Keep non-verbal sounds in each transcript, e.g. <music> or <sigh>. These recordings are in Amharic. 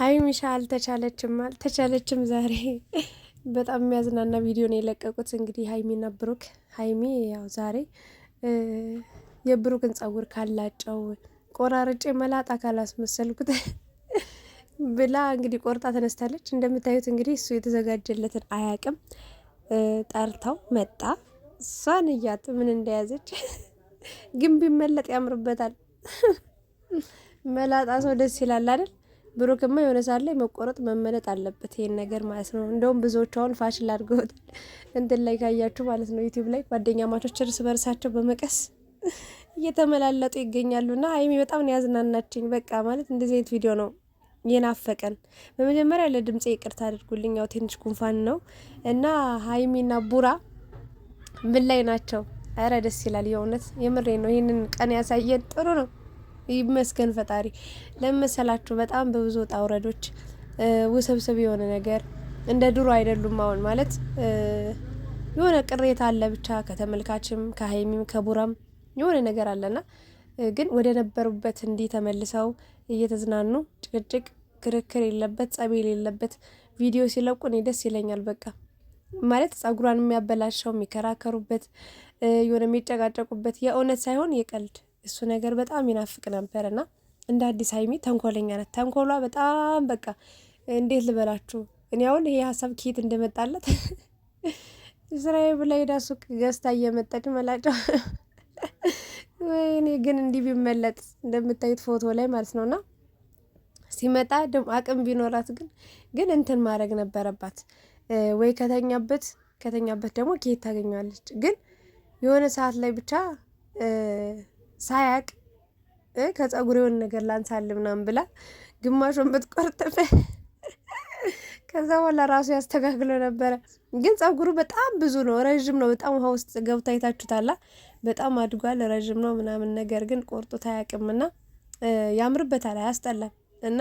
ሀይሚሻ አልተቻለችም አልተቻለችም። ዛሬ <laughs> በጣም የሚያዝናና ቪዲዮ ነው የለቀቁት። እንግዲህ ሀይሚና ብሩክ ሀይሚ ያው ዛሬ የብሩክን ጸጉር ካላጨው ቆራርጬ መላጣ ካላስመሰልኩት <laughs> ብላ እንግዲህ ቆርጣ ተነስታለች። እንደምታዩት እንግዲህ እሱ የተዘጋጀለትን አያቅም። ጠርተው መጣ። እሷን እያት ምን እንደያዘች <laughs> ግን ቢመለጥ ያምርበታል። መላጣ ሰው ደስ ይላል አይደል? ብሩክማ የሆነ ሰዓት ላይ መቆረጥ መመለጥ አለበት፣ ይሄን ነገር ማለት ነው። እንደውም ብዙዎች አሁን ፋሽን አድርገውታል። <laughs> እንትን ላይ ካያችሁ ማለት ነው ዩቲዩብ ላይ ጓደኛ ማቾች እርስ በርሳቸው በመቀስ <laughs> እየተመላለጡ እና ሀይሚ በጣም ነው ያዝናናችኝ። በቃ ማለት እንደዚህ አይነት ቪዲዮ ነው የናፈቀን። በመጀመሪያ ለድምጽ ይቅርታ አድርጉልኝ፣ ያው ትንሽ ጉንፋን ነው እና ሀይሚና ቡራ ምን ላይ ናቸው? ኧረ ደስ ይላል የእውነት የምሬ ነው። ይህንን ቀን ያሳየን ጥሩ ነው። ይመስገን ፈጣሪ። ለመሰላችሁ በጣም በብዙ ውጣ ውረዶች ውስብስብ የሆነ ነገር እንደ ድሮ አይደሉም። አሁን ማለት የሆነ ቅሬታ አለ ብቻ ከተመልካችም ከሀይሚም ከቡራም የሆነ ነገር አለና ግን ወደ ነበሩበት እንዲህ ተመልሰው እየተዝናኑ ጭቅጭቅ፣ ክርክር የለበት ጸብ የሌለበት ቪዲዮ ሲለቁ እኔ ደስ ይለኛል። በቃ ማለት ጸጉሯን የሚያበላሸው የሚከራከሩበት የሆነ የሚጨቃጨቁበት የእውነት ሳይሆን የቀልድ እሱ ነገር በጣም ይናፍቅ ነበር እና እንደ አዲስ ሀይሚ ተንኮለኛ ናት። ተንኮሏ በጣም በቃ እንዴት ልበላችሁ፣ እኔ አሁን ይሄ ሀሳብ ከየት እንደመጣለት እስራኤል <laughs> ብላ ሄዳ ሱቅ ገዝታ እየመጣች መላጫው <laughs> ወይኔ ግን እንዲህ ቢመለጥ እንደምታዩት ፎቶ ላይ ማለት ነው። ነውና ሲመጣ ደግሞ አቅም ቢኖራት ግን ግን እንትን ማድረግ ነበረባት ወይ ከተኛበት ከተኛበት ደግሞ ኬት ታገኘዋለች? ግን የሆነ ሰዓት ላይ ብቻ ሳያቅ ከፀጉር የሆነ ነገር ላንሳል ምናምን ብላ ግማሹን ብትቆርጥም <laughs> ከዛ በኋላ ራሱ ያስተካክሎ ነበረ። ግን ፀጉሩ በጣም ብዙ ነው፣ ረዥም ነው። በጣም ውሃ ውስጥ ገብታ አይታችሁታላ። በጣም አድጓል፣ ረዥም ነው ምናምን ነገር ግን ቆርጦ ታያቅምና ያምርበታል፣ አያስጠላም እና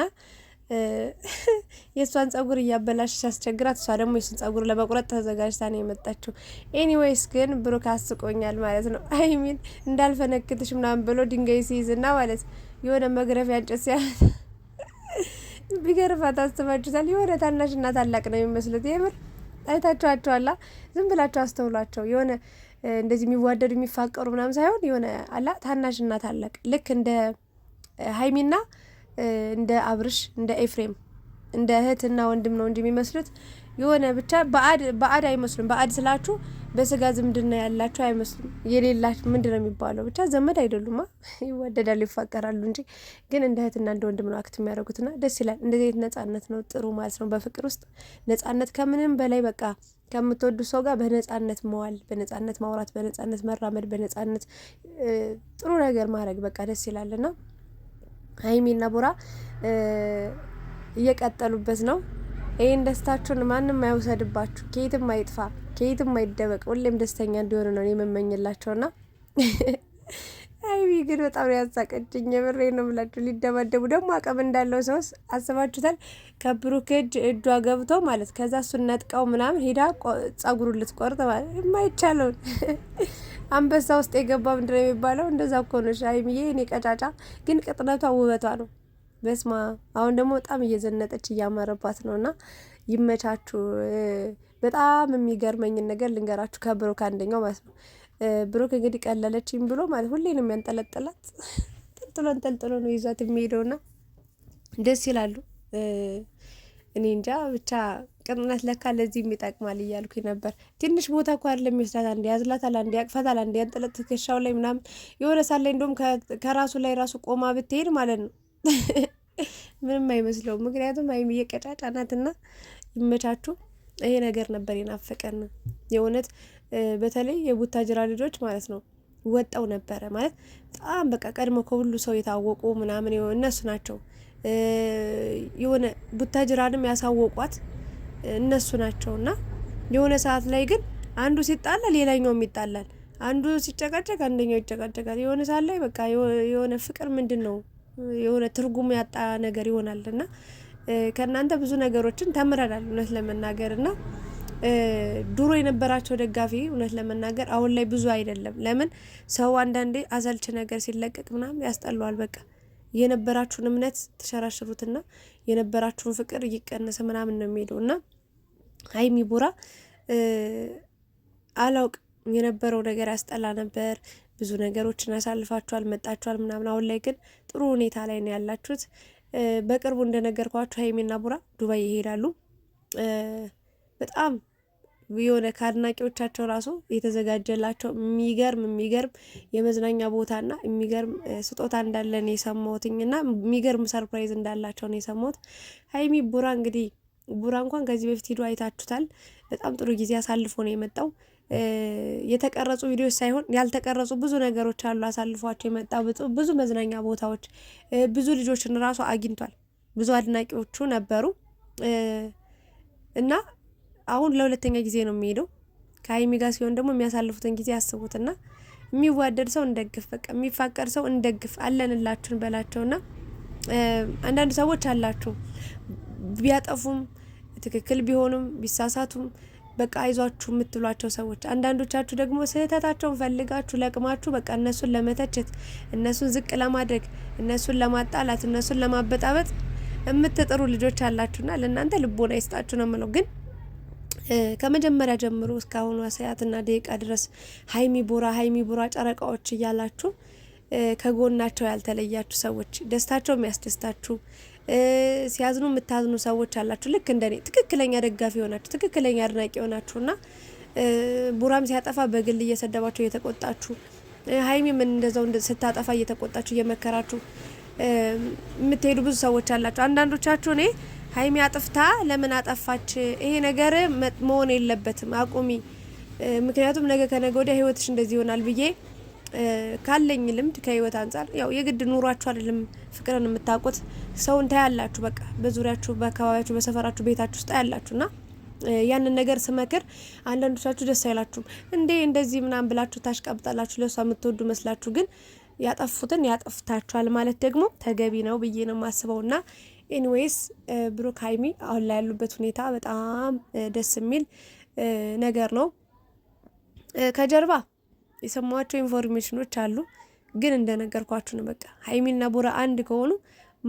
<laughs> የእሷን ጸጉር እያበላሽ ሲያስቸግራት እሷ ደግሞ የእሱን ጸጉር ለመቁረጥ ተዘጋጅታ ነው የመጣችው። ኤኒዌይስ ግን ብሩክ አስቆኛል ማለት ነው። <laughs> አይሚን እንዳልፈነክትሽ ምናምን ብሎ ድንጋይ ሲይዝና ማለት የሆነ መግረፊያ እንጨት ሲያ <laughs> ቢገርፋት አስባችሁታል። የሆነ ታናሽና ታላቅ ነው የሚመስሉት። የምር አይታችኋቸዋላ። ዝም ብላቸው አስተውሏቸው። የሆነ እንደዚህ የሚዋደዱ የሚፋቀሩ ምናምን ሳይሆን የሆነ አላ ታናሽና ታላቅ ልክ እንደ ሀይሚና እንደ አብርሽ እንደ ኤፍሬም እንደ እህትና ወንድም ነው እንጂ የሚመስሉት የሆነ ብቻ በአድ በአድ አይመስሉም። በአድ ስላችሁ በስጋ ዝምድና ያላችሁ አይመስሉም። የሌላችሁ ምንድን ነው የሚባለው? ብቻ ዘመድ አይደሉማ። <laughs> ይወደዳሉ፣ ይፋቀራሉ እንጂ ግን እንደ እህትና እንደ ወንድም ነው አክት የሚያደርጉትና ደስ ይላል። እንደዚህ አይነት ነጻነት ነው ጥሩ ማለት ነው። በፍቅር ውስጥ ነጻነት ከምንም በላይ በቃ ከምትወዱ ሰው ጋር በነጻነት መዋል፣ በነጻነት ማውራት፣ በነጻነት መራመድ፣ በነጻነት ጥሩ ነገር ማድረግ በቃ ደስ ይላልና ሀይሚና ቡራ እየቀጠሉበት ነው። ይህን ደስታችሁን ማንም አይውሰድባችሁ፣ ከየትም አይጥፋ፣ ከየትም አይደበቅ፣ ሁሌም ደስተኛ እንዲሆኑ ነው የምመኝላቸውና <laughs> ሀይሚ ግን በጣም ነው ያሳቀችኝ። የምሬ ነው የምላችሁ። ሊደባደቡ ደግሞ አቅም እንዳለው ሰውስ አስባችሁታል? ከብሩክ እጅ እጇ ገብቶ ማለት ከዛ እሱን ነጥቀው ምናምን ሄዳ ጸጉሩን ልትቆርጥ ማለት የማይቻለውን <laughs> አንበሳ ውስጥ የገባ ምንድን ነው የሚባለው? እንደዛ እኮ ነች ሀይሚዬ። እኔ ቀጫጫ ግን ቅጥነቷ ውበቷ ነው። በስማ አሁን ደግሞ በጣም እየዘነጠች እያማረባት ነው። እና ይመቻችሁ። በጣም የሚገርመኝን ነገር ልንገራችሁ ከብሩክ አንደኛው ማለት ነው። ብሩክ እንግዲህ ቀለለችኝ ብሎ ማለት ሁሌንም ያንጠለጠላት ጠልጥሎ እንጠልጥሎ ነው የሚሄደው። የሚሄደውና ደስ ይላሉ። እኔ እንጃ ብቻ ቅንነት ለካ ለዚህም ይጠቅማል እያልኩ ነበር። ትንሽ ቦታ እኮ አይደለም ይወስዳት፣ አንዴ ያዝላታል፣ አንድ ያቅፈታል፣ አንድ ያንጥለጥ ትከሻው ላይ ምናምን የሆነ ሳለ እንደውም ከራሱ ላይ ራሱ ቆማ ብትሄድ ማለት ነው <laughs> ምንም አይመስለውም። ምክንያቱም ሀይሚዬ ቀጫጫ ናትና ይመቻችሁ። ይሄ ነገር ነበር የናፈቀን የእውነት በተለይ የቡታጅራ ልጆች ማለት ነው ወጣው ነበረ ማለት በጣም በቃ ቀድሞ ከሁሉ ሰው የታወቁ ምናምን እነሱ ናቸው የሆነ ቡታጅራንም ያሳወቋት እነሱ ናቸውና የሆነ ሰዓት ላይ ግን አንዱ ሲጣላ ሌላኛውም ይጣላል። አንዱ ሲጨቃጨቅ አንደኛው ይጨቃጨቃል። የሆነ ሰዓት ላይ በቃ የሆነ ፍቅር ምንድን ነው የሆነ ትርጉም ያጣ ነገር ይሆናል። እና ከእናንተ ብዙ ነገሮችን ተምረናል እውነት ለመናገር እና ድሮ የነበራቸው ደጋፊ እውነት ለመናገር አሁን ላይ ብዙ አይደለም። ለምን ሰው አንዳንዴ አሰልች ነገር ሲለቀቅ ምናምን ያስጠላዋል። በቃ የነበራችሁን እምነት ትሸራሽሩትና የነበራችሁን ፍቅር እየቀነሰ ምናምን ነው የሚሄደው እና ሀይሚ ቡራ አላውቅ የነበረው ነገር ያስጠላ ነበር። ብዙ ነገሮችን አሳልፋችኋል፣ መጣችኋል ምናምን። አሁን ላይ ግን ጥሩ ሁኔታ ላይ ነው ያላችሁት። በቅርቡ እንደነገርኳችሁ ሀይሚና ቡራ ዱባይ ይሄዳሉ። በጣም የሆነ ከአድናቂዎቻቸው ራሱ የተዘጋጀላቸው የሚገርም የሚገርም የመዝናኛ ቦታና የሚገርም ስጦታ እንዳለ ነው የሰማሁትኝ እና የሚገርም ሰርፕራይዝ እንዳላቸው ነው የሰማሁት። ሀይሚ ቡራ እንግዲህ ቡራ እንኳን ከዚህ በፊት ሂዶ አይታችሁታል። በጣም ጥሩ ጊዜ አሳልፎ ነው የመጣው። የተቀረጹ ቪዲዮዎች ሳይሆን ያልተቀረጹ ብዙ ነገሮች አሉ። አሳልፏቸው የመጣ ብዙ መዝናኛ ቦታዎች፣ ብዙ ልጆችን ራሱ አግኝቷል። ብዙ አድናቂዎቹ ነበሩ እና አሁን ለሁለተኛ ጊዜ ነው የሚሄደው ከሀይሚ ጋር ሲሆን ደግሞ የሚያሳልፉትን ጊዜ ያስቡትና የሚዋደድ ሰው እንደግፍ፣ በቃ የሚፋቀር ሰው እንደግፍ፣ አለንላችሁን በላቸውና አንዳንድ ሰዎች አላችሁ ቢያጠፉም ትክክል ቢሆኑም ቢሳሳቱም በቃ አይዟችሁ የምትሏቸው ሰዎች፣ አንዳንዶቻችሁ ደግሞ ስህተታቸውን ፈልጋችሁ ለቅማችሁ በቃ እነሱን ለመተቸት፣ እነሱን ዝቅ ለማድረግ፣ እነሱን ለማጣላት፣ እነሱን ለማበጣበጥ የምትጥሩ ልጆች አላችሁና ለእናንተ ልቦና ይስጣችሁ ነው የምለው ግን ከመጀመሪያ ጀምሮ እስካሁኑ ሰዓትና ደቂቃ ድረስ ሀይሚ ቦራ ሀይሚ ቦራ ጨረቃዎች እያላችሁ ከጎናቸው ያልተለያችሁ ሰዎች ደስታቸው የሚያስደስታችሁ ሲያዝኑ የምታዝኑ ሰዎች አላችሁ። ልክ እንደኔ ትክክለኛ ደጋፊ የሆናችሁ ትክክለኛ አድናቂ የሆናችሁና ቡራም ሲያጠፋ በግል እየሰደባችሁ እየተቆጣችሁ፣ ሀይሚም እንደዛው ስታጠፋ እየተቆጣችሁ እየመከራችሁ የምትሄዱ ብዙ ሰዎች አላችሁ። አንዳንዶቻችሁ እኔ ሀይሚ አጥፍታ ለምን አጠፋች ይሄ ነገር መሆን የለበትም አቁሚ፣ ምክንያቱም ነገ ከነገ ወዲያ ህይወትሽ እንደዚህ ይሆናል ብዬ ካለኝ ልምድ ከህይወት አንጻር ያው የግድ ኑሯችሁ አይደለም ፍቅርን የምታውቁት ሰውን ታያላችሁ። በቃ በዙሪያችሁ፣ በአካባቢያችሁ፣ በሰፈራችሁ፣ ቤታችሁ ውስጥ ታያላችሁ ና ያንን ነገር ስመክር አንዳንዶቻችሁ ደስ አይላችሁም እንዴ እንደዚህ ምናምን ብላችሁ ታሽቀብጣላችሁ። ለእሷ የምትወዱ መስላችሁ ግን ያጠፉትን ያጠፍታችኋል ማለት ደግሞ ተገቢ ነው ብዬ ነው የማስበው ና ኤኒዌይስ ብሩክ ሀይሚ አሁን ላይ ያሉበት ሁኔታ በጣም ደስ የሚል ነገር ነው ከጀርባ የሰማቸው ኢንፎርሜሽኖች አሉ። ግን እንደነገርኳችሁ ነው። በቃ ሀይሚና ቡራ አንድ ከሆኑ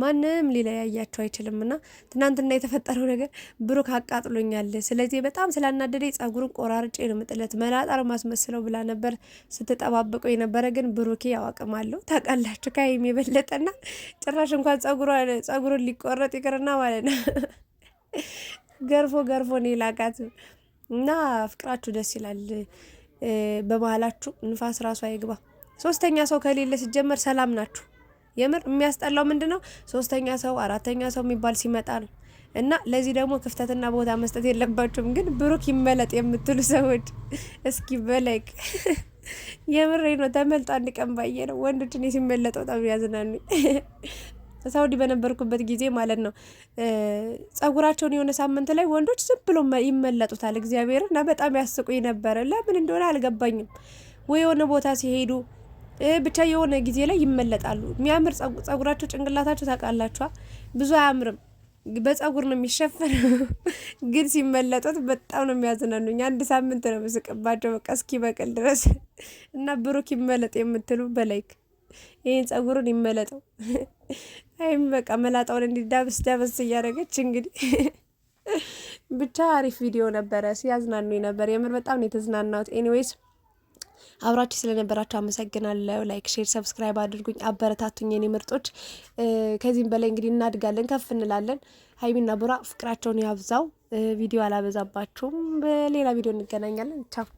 ማንም ሊለያያቸው አይችልም። እና ትናንትና የተፈጠረው ነገር ብሩክ አቃጥሎኛል፣ ስለዚህ በጣም ስላናደደኝ ጸጉሩን ቆራርጬ ነው ምጥለት መላጣር ማስመስለው ብላ ነበር ስትጠባበቀው የነበረ። ግን ብሩኬ ያዋቅማለሁ አለው ታውቃላችሁ፣ ከሀይሚ የበለጠና ጭራሽ እንኳን ጸጉሩን ሊቆረጥ ይቅርና ማለት ነው ገርፎ ገርፎ ነው የላቃት እና ፍቅራችሁ ደስ ይላል። በባህላችሁ ንፋስ ራሱ አይግባ። ሶስተኛ ሰው ከሌለ ሲጀመር ሰላም ናችሁ። የምር የሚያስጠላው ምንድን ነው? ሶስተኛ ሰው አራተኛ ሰው የሚባል ሲመጣ ነው። እና ለዚህ ደግሞ ክፍተትና ቦታ መስጠት የለባችሁም። ግን ብሩክ ይመለጥ የምትሉ ሰዎች እስኪ በላይክ የምሬ ነው። ተመልጣ አንድ ቀን ባየ ነው ወንዶችን ሲመለጠው በጣም ያዝናኑኝ። ሳውዲ በነበርኩበት ጊዜ ማለት ነው ጸጉራቸውን የሆነ ሳምንት ላይ ወንዶች ዝም ብሎ ይመለጡታል። እግዚአብሔር እና በጣም ያስቁኝ ነበረ። ለምን እንደሆነ አልገባኝም። ወይ የሆነ ቦታ ሲሄዱ ብቻ የሆነ ጊዜ ላይ ይመለጣሉ። የሚያምር ጸጉራቸው ጭንቅላታቸው ታውቃላችኋ፣ ብዙ አያምርም በጸጉር ነው የሚሸፈነው፣ <laughs> ግን ሲመለጡት በጣም ነው የሚያዝናኑኝ። አንድ ሳምንት ነው ምስቅባቸው በቃ እስኪበቅል ድረስ <laughs> እና ብሩክ ይመለጥ የምትሉ በላይክ ይህን ጸጉሩን ይመለጠው <laughs> አይም በቃ መላጣውን እንዲዳብስ ዳብስ እያደረገች እንግዲህ <laughs> ብቻ አሪፍ ቪዲዮ ነበረ፣ ሲያዝናኑ ነበር። የምር በጣም ነው የተዝናናሁት። ኤኒዌይስ አብራችሁ ስለነበራችሁ አመሰግናለሁ። ላይክ፣ ሼር፣ ሰብስክራይብ አድርጉኝ፣ አበረታቱኝ የኔ ምርጦች። ከዚህም በላይ እንግዲህ እናድጋለን፣ ከፍ እንላለን። ሀይሚና ቡራ ፍቅራቸውን ያብዛው። ቪዲዮ አላበዛባችሁም። በሌላ ቪዲዮ እንገናኛለን። ቻው